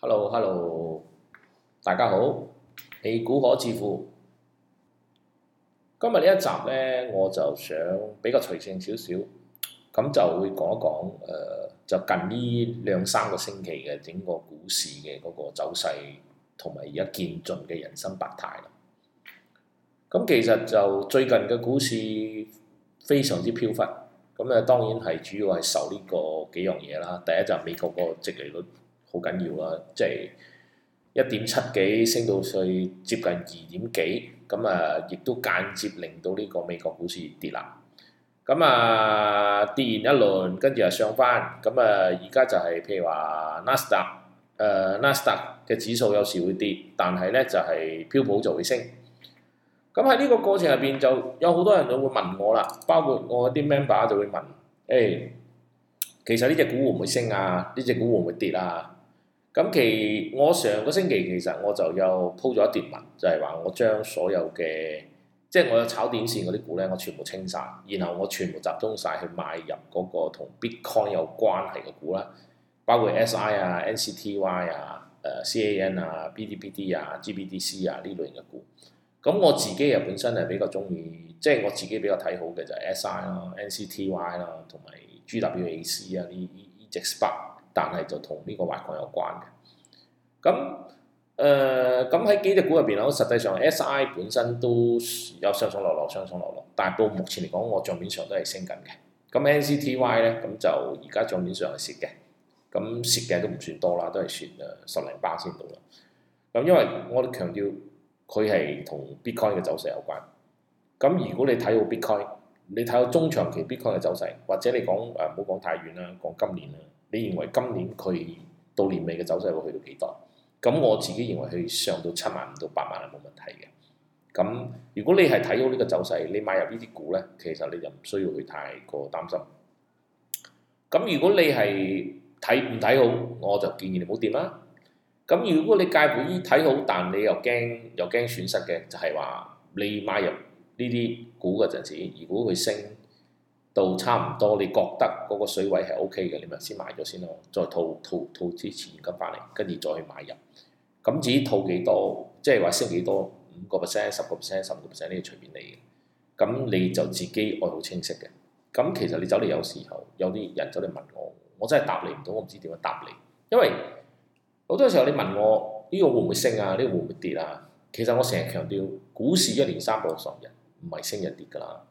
hello hello，大家好，美股可致富。今日呢一集呢，我就想比較隨性少少，咁就會講一講誒、呃，就近呢兩三個星期嘅整個股市嘅嗰個走勢，同埋而家見盡嘅人生百態啦。咁其實就最近嘅股市非常之飄忽。咁誒當然係主要係受呢個幾樣嘢啦，第一就係美國個殖利率好緊要啦，即係一點七幾升到去接近二點幾，咁啊亦都間接令到呢個美國股市跌啦。咁啊跌完一輪，跟住又上返，咁啊而家就係譬如話納斯達，誒、呃、納斯達嘅指數有時會跌，但係咧就係標普就會升。咁喺呢個過程入邊，就有好多人就會問我啦，包括我啲 member 就會問，誒，其實呢隻股會唔會升啊？呢隻股會唔會跌啊？咁其我上個星期其實我就又鋪咗一碟文，就係話我將所有嘅，即係我有炒短線嗰啲股咧，我全部清晒，然後我全部集中晒去買入嗰個同 Bitcoin 有關係嘅股啦，包括 SI 啊、NCTY 啊、誒 CAN 啊、BDBD 啊、GBDC 啊呢類型嘅股。咁我自己又本身係比較中意，即、就、係、是、我自己比較睇好嘅就係 S I 啦、N C T Y 啦，同埋 G W A C 啊、e、呢呢呢隻股，e、par, 但係就同呢個橫擴有關嘅。咁誒，咁、呃、喺幾隻股入邊我實際上 S I 本身都有上上落落、上上落落，但係到目前嚟講，我帳面上都係升緊嘅。咁 N C T Y 咧，咁就而家帳面上係蝕嘅，咁蝕嘅都唔算多啦，都係蝕誒十零巴仙到啦。咁因為我都強調。佢係同 Bitcoin 嘅走勢有關。咁如果你睇好 Bitcoin，你睇好中長期 Bitcoin 嘅走勢，或者你講誒唔好講太遠啦，講今年啦，你認為今年佢到年尾嘅走勢會去到幾多？咁我自己認為係上到七萬五到八萬係冇問題嘅。咁如果你係睇好呢個走勢，你買入呢啲股咧，其實你就唔需要去太過擔心。咁如果你係睇唔睇好，我就建議你冇跌啦。咁如果你介乎於睇好，但你又驚又驚損失嘅，就係、是、話你買入呢啲股嗰陣時，如果佢升到差唔多，你覺得嗰個水位係 OK 嘅，你咪先買咗先咯，再套套套啲錢入翻嚟，跟住再去買入。咁至於套幾多，即係話升幾多，五個 percent、十個 percent、十五個 percent 呢？隨便你嘅。咁、嗯、你就自己愛好清晰嘅。咁、嗯、其實你走嚟，有時候有啲人走嚟問我，我真係答你唔到，我唔知點樣答你，因為。好多時候你問我呢個會唔會升啊？呢個會唔會跌啊？其實我成日強調，股市一年三百六十日唔係升日跌噶啦。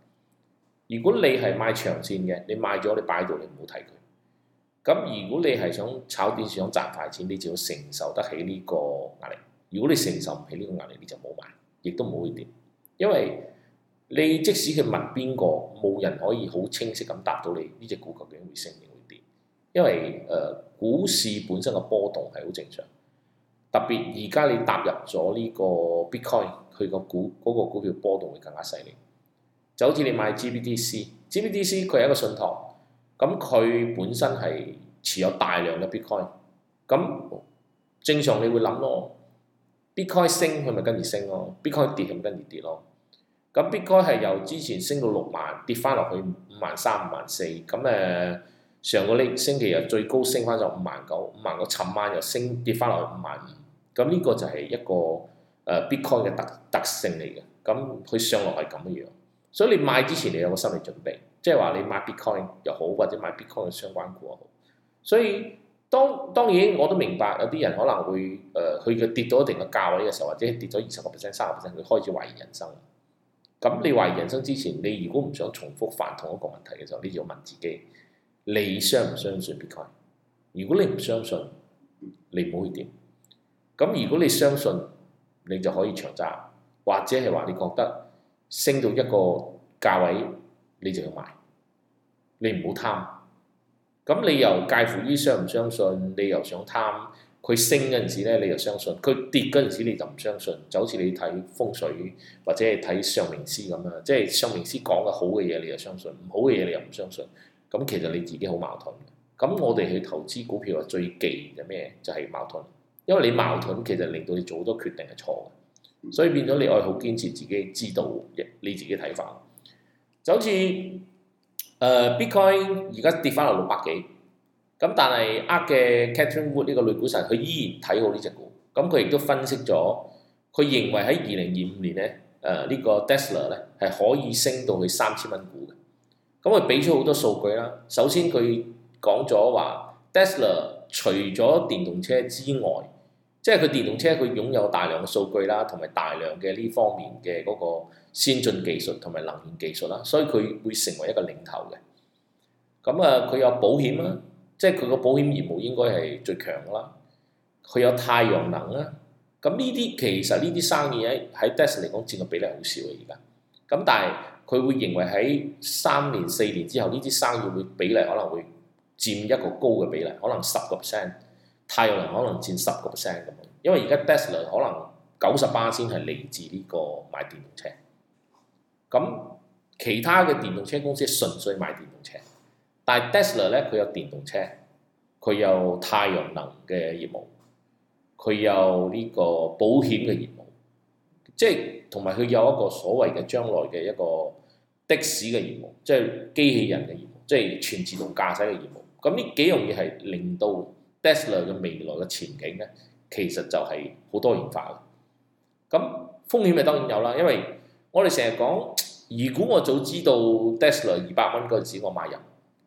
如果你係買長線嘅，你買咗你擺度你唔好睇佢。咁如果你係想炒短線想賺大錢，你就要承受得起呢個壓力。如果你承受唔起呢個壓力，你就冇買，亦都唔可以跌，因為你即使去問邊個，冇人可以好清晰咁答到你呢隻股究竟會升。因為誒、呃、股市本身嘅波動係好正常，特別而家你踏入咗呢個 bitcoin，佢、個股嗰個股票波動會更加犀利。就好似你買 GBDC，GBDC 佢 GB 係一個信託，咁佢本身係持有大量嘅 bitcoin，咁正常你會諗咯，bitcoin 升佢咪跟住升咯，bitcoin 跌佢咪跟住跌咯。咁 bitcoin 係由之前升到六萬，跌返落去五萬三、呃、五萬四，咁誒。上個禮星期日最高升翻就五萬九五萬個，尋晚又升跌翻落去五萬五。咁呢個就係一個誒 Bitcoin 嘅特特性嚟嘅。咁佢上落係咁樣，所以你買之前，你有個心理準備，即係話你買 Bitcoin 又好，或者買 Bitcoin 嘅相關股又好。所以當當然我都明白有啲人可能會誒佢嘅跌到一定嘅價位嘅時候，或者跌咗二十個 percent、三十 percent，佢開始懷疑人生。咁你懷疑人生之前，你如果唔想重複犯同一個問題嘅時候，你要問自己。你相唔相信 Bitcoin？如果你唔相信，你唔好去點。咁如果你相信，你就可以長揸，或者係話你覺得升到一個價位，你就要買。你唔好貪。咁你又介乎於相唔相信？你又想貪佢升嗰陣時咧，你又相信；佢跌嗰陣時你就唔相信。就好似你睇風水或者係睇上明師咁樣，即係上明師講嘅好嘅嘢，你又相信；唔好嘅嘢，你又唔相信。咁其實你自己好矛盾。咁我哋去投資股票啊，最忌嘅咩？就係、是、矛盾。因為你矛盾，其實令到你做好多決定係錯嘅。所以變咗你愛好堅持自己知道你自己睇法。就好似誒、呃、Bitcoin 而家跌返落六百幾，咁但係呃嘅 Catherine Wood 呢個類股神，佢依然睇好呢隻股。咁佢亦都分析咗，佢認為喺二零二五年咧，誒、呃這個、呢個 Tesla 咧係可以升到去三千蚊股。咁佢俾出好多數據啦。首先佢講咗話，Tesla 除咗電動車之外，即係佢電動車佢擁有大量嘅數據啦，同埋大量嘅呢方面嘅嗰個先進技術同埋能源技術啦，所以佢會成為一個領頭嘅。咁啊，佢有保險啦，嗯、即係佢個保險業務應該係最強噶啦。佢有太陽能啦。咁呢啲其實呢啲生意喺喺 Tesla 嚟講，佔嘅比例好少嘅而家。咁但係。佢會認為喺三年四年之後，呢啲生意會比例可能會佔一個高嘅比例，可能十個 percent，太陽能可能佔十個 percent 咁樣。因為而家 Tesla 可能九十八先係嚟自呢個賣電動車，咁其他嘅電動車公司純粹賣電動車，但係 Tesla 咧佢有電動車，佢有太陽能嘅業務，佢有呢個保險嘅業務，即係同埋佢有一個所謂嘅將來嘅一個。的士嘅業務，即係機器人嘅業務，即係全自動駕駛嘅業務。咁呢幾樣嘢係令到 Tesla 嘅未來嘅前景咧，其實就係好多元化嘅。咁風險咪當然有啦，因為我哋成日講，如果我早知道 Tesla 二百蚊嗰陣時，我買入，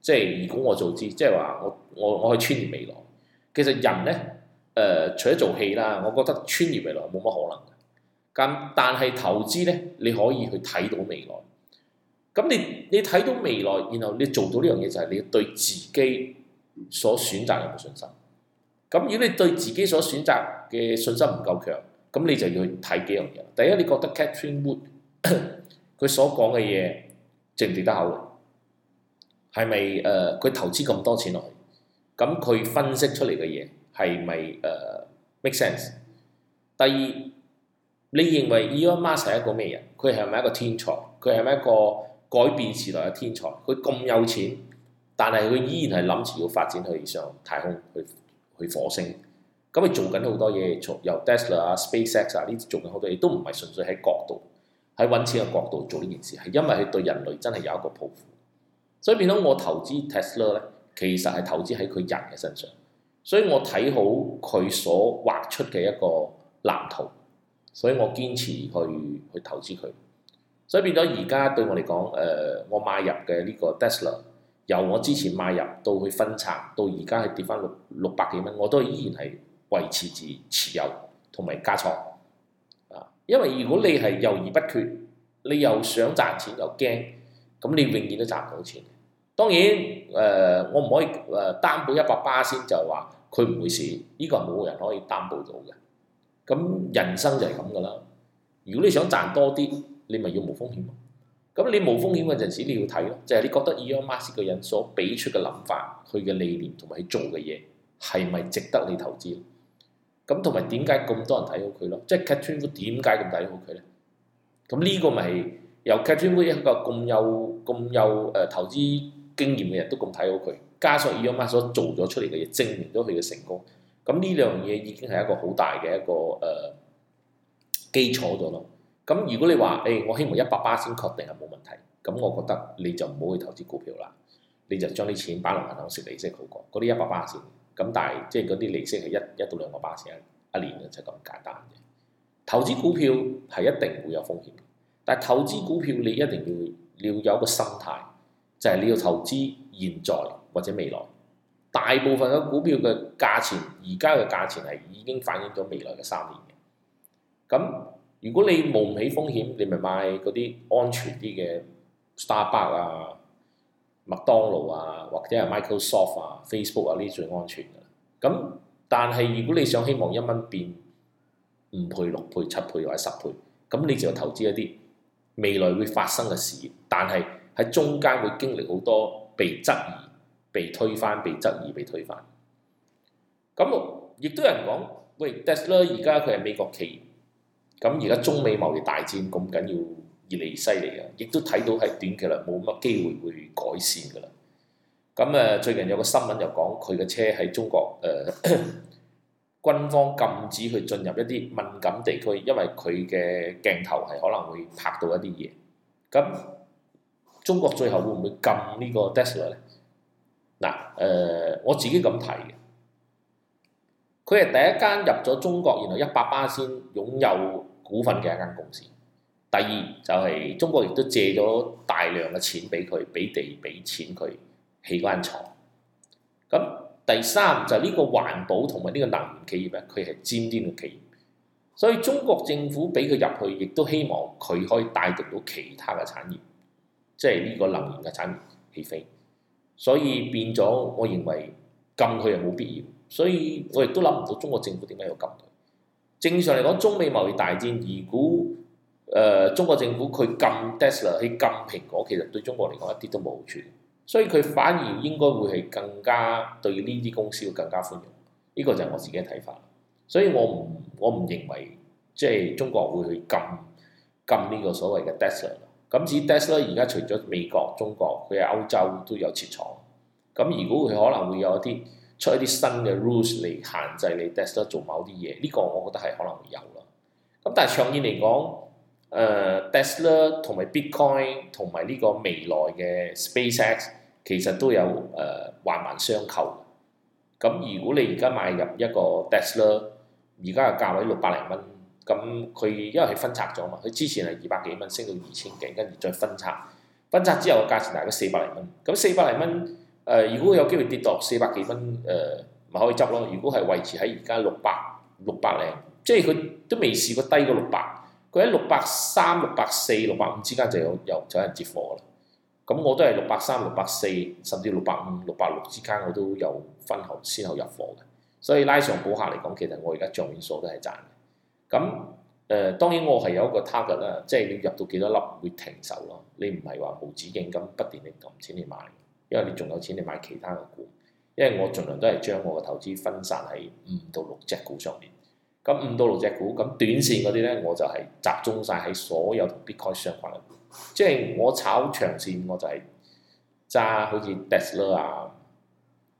即係如果我早知，即係話我我我去穿越未來。其實人咧，誒、呃，除咗做戲啦，我覺得穿越未來冇乜可能。咁但係投資咧，你可以去睇到未來。咁你你睇到未來，然後你做到呢樣嘢，就係你對自己所選擇有冇信心？咁如果你對自己所選擇嘅信心唔夠強，咁你就要去睇幾樣嘢。第一，你覺得 Catherine Wood 佢 所講嘅嘢值唔值得考慮？係咪誒？佢、呃、投資咁多錢落去，咁佢分析出嚟嘅嘢係咪誒 make sense？第二，你認為 Elon Musk 係一個咩人？佢係咪一個天才？佢係咪一個改變時代嘅天才，佢咁有錢，但係佢依然係諗住要發展去上太空，去去火星。咁佢做緊好多嘢，由 Tesla 啊、SpaceX 啊呢啲做緊好多嘢，都唔係純粹喺角度，喺搵錢嘅角度做呢件事，係因為佢對人類真係有一個抱負。所以變咗我投資 Tesla 咧，其實係投資喺佢人嘅身上。所以我睇好佢所畫出嘅一個藍圖，所以我堅持去去投資佢。所以變咗而家對我嚟講，誒、呃，我買入嘅呢個 Tesla，由我之前買入到去分拆，到而家係跌翻六六百幾蚊，我都依然係維持住持有同埋加倉啊！因為如果你係猶豫不決，你又想賺錢又驚，咁你永遠都賺唔到錢。當然，誒、呃，我唔可以誒擔保一百巴仙，就係話佢唔會蝕，依、這個冇人可以擔保到嘅。咁人生就係咁噶啦。如果你想賺多啲，你咪要冇風險咯，咁你冇風險嗰陣時，你要睇咯，就係、是、你覺得 Elon Musk 個人所俾出嘅諗法、佢嘅理念同埋佢做嘅嘢，係咪值得你投資？咁同埋點解咁多人睇好佢咯？即係 c a t r o 點解咁睇好佢咧？咁呢個咪由 c a t r o 一個咁有咁有誒投資經驗嘅人都咁睇好佢，加上 Elon Musk 所做咗出嚟嘅嘢證明咗佢嘅成功，咁呢樣嘢已經係一個好大嘅一個誒、呃、基礎咗咯。咁如果你話誒、欸，我希望一百巴先確定係冇問題，咁我覺得你就唔好去投資股票啦，你就將啲錢擺落銀行食利息好過。嗰啲一百巴先，咁但係即係嗰啲利息係一一到兩個巴先一年就咁、是、簡單嘅。投資股票係一定會有風險，但係投資股票你一定要你要有個心態，就係、是、你要投資現在或者未來。大部分嘅股票嘅價錢，而家嘅價錢係已經反映咗未來嘅三年嘅，咁。如果你冒唔起風險，你咪買嗰啲安全啲嘅 Starbucks 啊、麥當勞啊，或者係 Microsoft 啊、Facebook 啊呢啲最安全㗎。咁但係如果你想希望一蚊變五倍、六倍、七倍或者十倍，咁你就投資一啲未來會發生嘅事業，但係喺中間會經歷好多被質疑、被推翻、被質疑、被推翻。咁亦都有人講，喂，Tesla 而家佢係美國企業。咁而家中美貿易大戰咁緊要，越嚟越犀利啊！亦都睇到係短期內冇乜機會會改善噶啦。咁誒，最近有個新聞又講佢嘅車喺中國誒、呃、軍方禁止佢進入一啲敏感地區，因為佢嘅鏡頭係可能會拍到一啲嘢。咁中國最後會唔會禁個呢個 Tesla 咧？嗱、呃、誒，我自己咁睇嘅，佢係第一間入咗中國，然後一百巴先擁有。股份嘅一間公司，第二就係中國亦都借咗大量嘅錢俾佢，俾地俾錢佢起間廠。咁第三就係呢個環保同埋呢個能源企業咧，佢係尖端嘅企業，所以中國政府俾佢入去，亦都希望佢可以帶動到其他嘅產業，即係呢個能源嘅產業起飛。所以變咗，我認為禁佢又冇必要，所以我亦都諗唔到中國政府點解要禁佢。正常嚟講，中美貿易大戰，如果誒中國政府佢禁 Tesla 去禁蘋果，其實對中國嚟講一啲都冇好處，所以佢反而應該會係更加對呢啲公司會更加寬容。呢個就係我自己嘅睇法，所以我唔我唔認為即係中國會去禁禁呢個所謂嘅 Tesla。咁至於 Tesla 而家除咗美國、中國，佢喺歐洲都有設廠，咁如果佢可能會有一啲，出一啲新嘅 rules 嚟限制你 Tesla 做某啲嘢，呢、這個我覺得係可能會有啦。咁但係長遠嚟講，誒、呃、Tesla 同埋 Bitcoin 同埋呢個未來嘅 SpaceX 其實都有誒環環相扣。咁如果你而家買入一個 Tesla，而家嘅價位六百零蚊，咁佢因為係分拆咗嘛，佢之前係二百幾蚊升到二千幾，跟住再分拆，分拆之後嘅價錢大概四百零蚊。咁四百零蚊。誒，如果有機會跌到四百幾蚊，誒，咪可以執咯。如果係維持喺而家六百六百零，即係佢都未試過低過六百。佢喺六百三、六百四、六百五之間就有有就有人接貨啦。咁我都係六百三、六百四，甚至六百五、六百六之間，我都有分後先後入貨嘅。所以拉上補落嚟講，其實我而家帳面數都係賺嘅。咁誒，當然我係有一個 target 啦，即係你入到幾多粒會停手咯。你唔係話無止境咁不斷地攢錢嚟買。因為你仲有錢，你買其他嘅股。因為我盡量都係將我嘅投資分散喺五到六隻股上面。咁五到六隻股，咁短線嗰啲呢，我就係集中晒喺所有同 Bitcoin 相關。 即係我炒長線，我就係揸好似 Tesla 啊、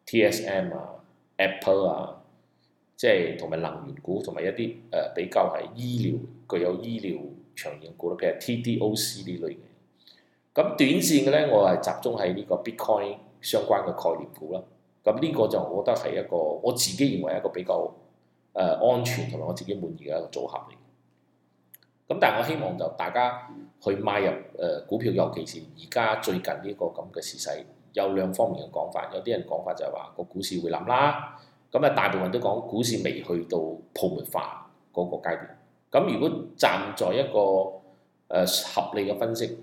TSM 啊、Apple 啊，即係同埋能源股，同埋一啲誒、呃、比較係醫療、具有醫療長遠股，譬如 TDOC 呢類嘅。咁短線嘅咧，我係集中喺呢個 Bitcoin 相關嘅概念股啦。咁、這、呢個就我覺得係一個我自己認為一個比較誒安全同埋我自己滿意嘅一個組合嚟。咁但係我希望就大家去買入誒股票，尤其是而家最近呢個咁嘅時勢，有兩方面嘅講法。有啲人講法就係話個股市會冧啦。咁啊，大部分都講股市未去到泡沫化嗰個階段。咁如果站在一個誒合理嘅分析，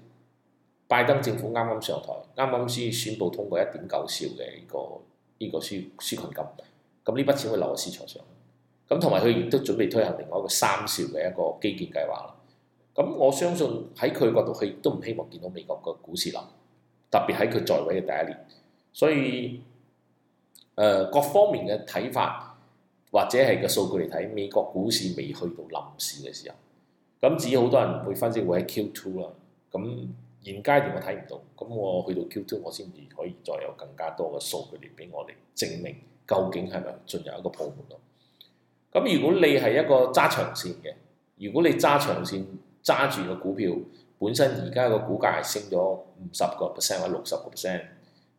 拜登政府啱啱上台，啱啱先宣布通過一點九兆嘅呢、這個依、這個紓紓困金，咁呢筆錢會留喺市場上，咁同埋佢亦都準備推行另外一個三兆嘅一個基建計劃啦。咁我相信喺佢角度，佢都唔希望見到美國個股市冧，特別喺佢在位嘅第一年。所以，誒、呃、各方面嘅睇法或者係個數據嚟睇，美國股市未去到冧市嘅時候，咁至於好多人會分析會喺 Q two 啦，咁。現階段我睇唔到，咁我去到 Q2 我先至可以再有更加多嘅數據嚟俾我哋證明究竟係咪進入一個泡沫咯。咁如果你係一個揸長線嘅，如果你揸長線揸住個股票，本身而家個股價係升咗五十個 percent 或者六十個 percent，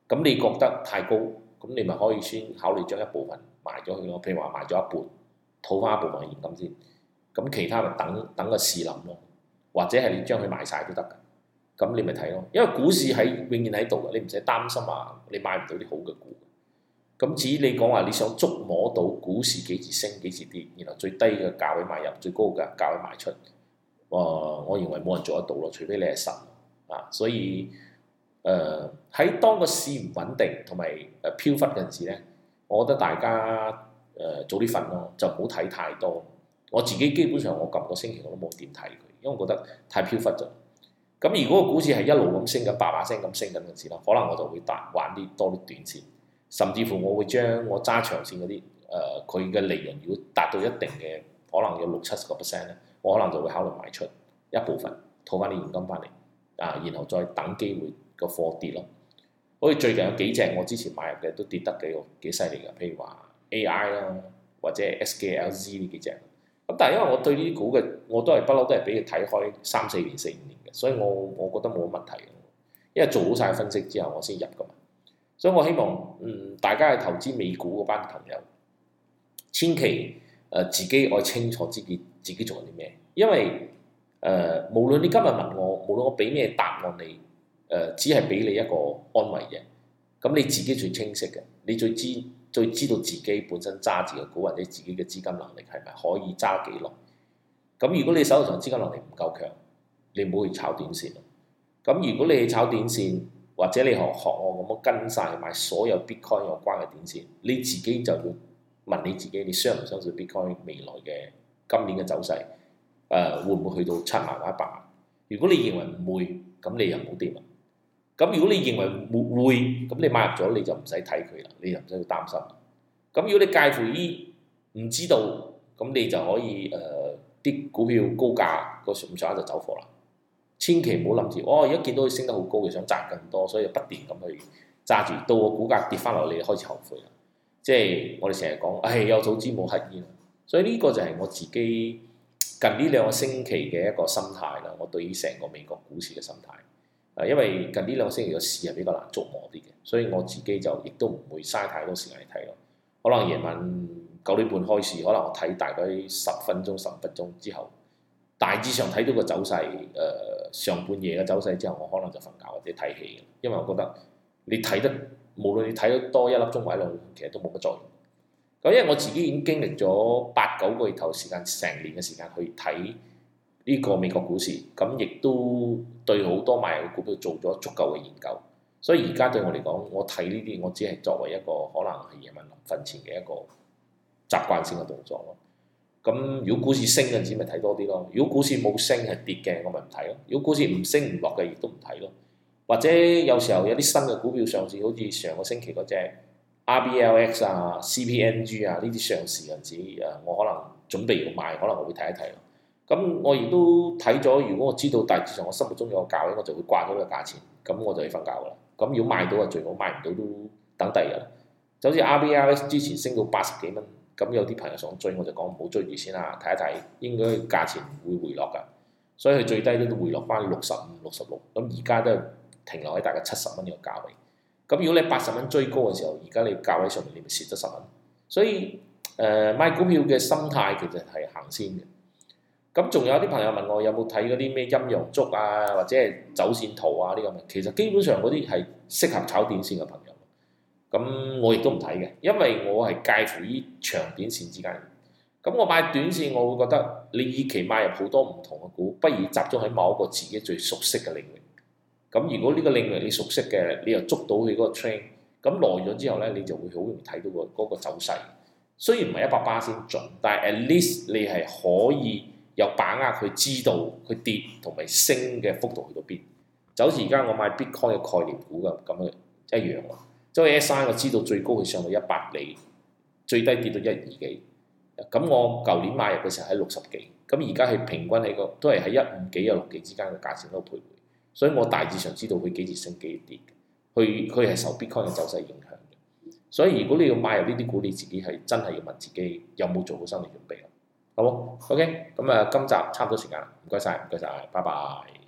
咁你覺得太高，咁你咪可以先考慮將一部分賣咗佢咯，譬如話賣咗一半，吐翻一部分現金先，咁其他咪等等個時諗咯，或者係你將佢賣晒都得㗎。咁你咪睇咯，因為股市喺永遠喺度嘅，你唔使擔心啊，你買唔到啲好嘅股。咁至於你講話你想捉摸到股市幾時升幾時跌，然後最低嘅價位買入，最高嘅價位賣出，呃，我認為冇人做得到咯，除非你係神啊。所以誒，喺、呃、當個市唔穩定同埋誒飄忽嘅陣時咧，我覺得大家誒、呃、早啲瞓咯，就唔好睇太多。我自己基本上我咁多星期我都冇點睇佢，因為我覺得太飄忽咗。咁如果個股市係一路咁升緊，叭叭聲咁升緊嗰陣時，可能我就會搭玩啲多啲短線，甚至乎我會將我揸長線嗰啲，誒佢嘅利潤如果達到一定嘅，可能有六七十個 percent 咧，我可能就會考慮賣出一部分，套翻啲現金翻嚟，啊，然後再等機會個貨跌咯。好似最近有幾隻我之前買入嘅都跌得幾幾犀利嘅，譬如話 AI 啦，或者 SKLZ 呢幾隻。咁但係因為我對呢啲股嘅，我都係不嬲都係俾佢睇開三四年四五年嘅，所以我我覺得冇問題嘅，因為做好晒分析之後我先入㗎嘛，所以我希望嗯大家嘅投資美股嗰班朋友，千祈誒、呃、自己愛清楚自己自己做緊啲咩，因為誒、呃、無論你今日問我，無論我俾咩答案你，誒、呃、只係俾你一個安慰嘅，咁你自己最清晰嘅，你最知。最知道自己本身揸住嘅股或者自己嘅資金能力係咪可以揸幾耐？咁如果你手頭上資金能力唔夠強，你唔好去炒短線。咁如果你去炒短線，或者你學學我，咁樣跟晒買所有 Bitcoin 有關嘅短線，你自己就要問你自己，你相唔相信 Bitcoin 未來嘅今年嘅走勢？誒、呃，會唔會去到七萬或一百萬？如果你認為唔會，咁你又冇掂。咁如果你認為會，咁你買入咗你就唔使睇佢啦，你就唔使擔心。咁如果你介乎於唔知道，咁你就可以誒啲、呃、股票高價、個上上下就走貨啦。千祈唔好諗住，哦，而家見到佢升得好高嘅，想賺更多，所以不斷咁去揸住，到個股價跌翻落嚟開始後悔啦。即係我哋成日講，誒、哎、有早知冇乞兒。所以呢個就係我自己近呢兩個星期嘅一個心態啦。我對於成個美國股市嘅心態。誒，因為近呢兩個星期個市係比較難捉摸啲嘅，所以我自己就亦都唔會嘥太多時間去睇咯。可能夜晚九點半開市，可能我睇大概十分鐘、十分鐘之後，大致上睇到個走勢。誒、呃，上半夜嘅走勢之後，我可能就瞓覺或者睇戲。因為我覺得你睇得無論你睇得多一粒鐘或者兩粒，其實都冇乜作用。咁因為我自己已經經歷咗八九個月頭時間，成年嘅時間去睇。呢個美國股市，咁亦都對好多賣嘅股票做咗足夠嘅研究，所以而家對我嚟講，我睇呢啲我只係作為一個可能係夜晚臨瞓前嘅一個習慣性嘅動作咯。咁如果股市升嘅時，咪睇多啲咯，如果股市冇升係跌嘅，我咪唔睇咯。如果股市唔升唔落嘅，亦都唔睇咯。或者有時候有啲新嘅股票上市，好似上個星期嗰隻 RBLX 啊、CPNG 啊呢啲上市嘅時，誒，我可能準備要賣，可能我會睇一睇。咁我亦都睇咗，如果我知道大致上我心目中有個價位，我就會掛咗個價錢，咁我就要瞓覺噶啦。咁如果賣到啊最好，賣唔到都等第二日。就好似 RBLX 之前升到八十幾蚊，咁有啲朋友想追，我就講唔好追住先啦，睇一睇，應該價錢會回落噶。所以佢最低都回落翻六十五、六十六，咁而家都係停留喺大概七十蚊呢個價位。咁如果你八十蚊追高嘅時候，而家你價位上面你咪蝕咗十蚊。所以誒、呃、買股票嘅心態其實係行先嘅。咁仲有啲朋友問我有冇睇嗰啲咩陰陽燭啊，或者係走線圖啊啲咁嘅。其實基本上嗰啲係適合炒短線嘅朋友。咁我亦都唔睇嘅，因為我係介乎於長短線之間。咁我買短線，我會覺得你與其買入好多唔同嘅股，不如集中喺某一個自己最熟悉嘅領域。咁如果呢個領域你熟悉嘅，你又捉到你嗰個 trend，咁耐咗之後呢，你就會好容易睇到佢嗰個走勢。雖然唔係一百巴仙先準，但係 at least 你係可以。又把握佢知道佢跌同埋升嘅幅度去到邊，就好似而家我買 bitcoin 嘅概念股咁咁樣一樣喎。即係 Ethereum 我知道最高佢上到一百釐，最低跌到一二幾，咁我舊年買入嘅時候喺六十幾，咁而家係平均喺個都係喺一五幾、一六幾之間嘅價錢喺度徘徊。所以我大致上知道佢幾時升幾跌，佢佢係受 bitcoin 嘅走勢影響嘅。所以如果你要買入呢啲股，你自己係真係要問自己有冇做好心理準備。好，OK，咁啊，今集差唔多時間啦，唔該晒，唔該晒，拜拜。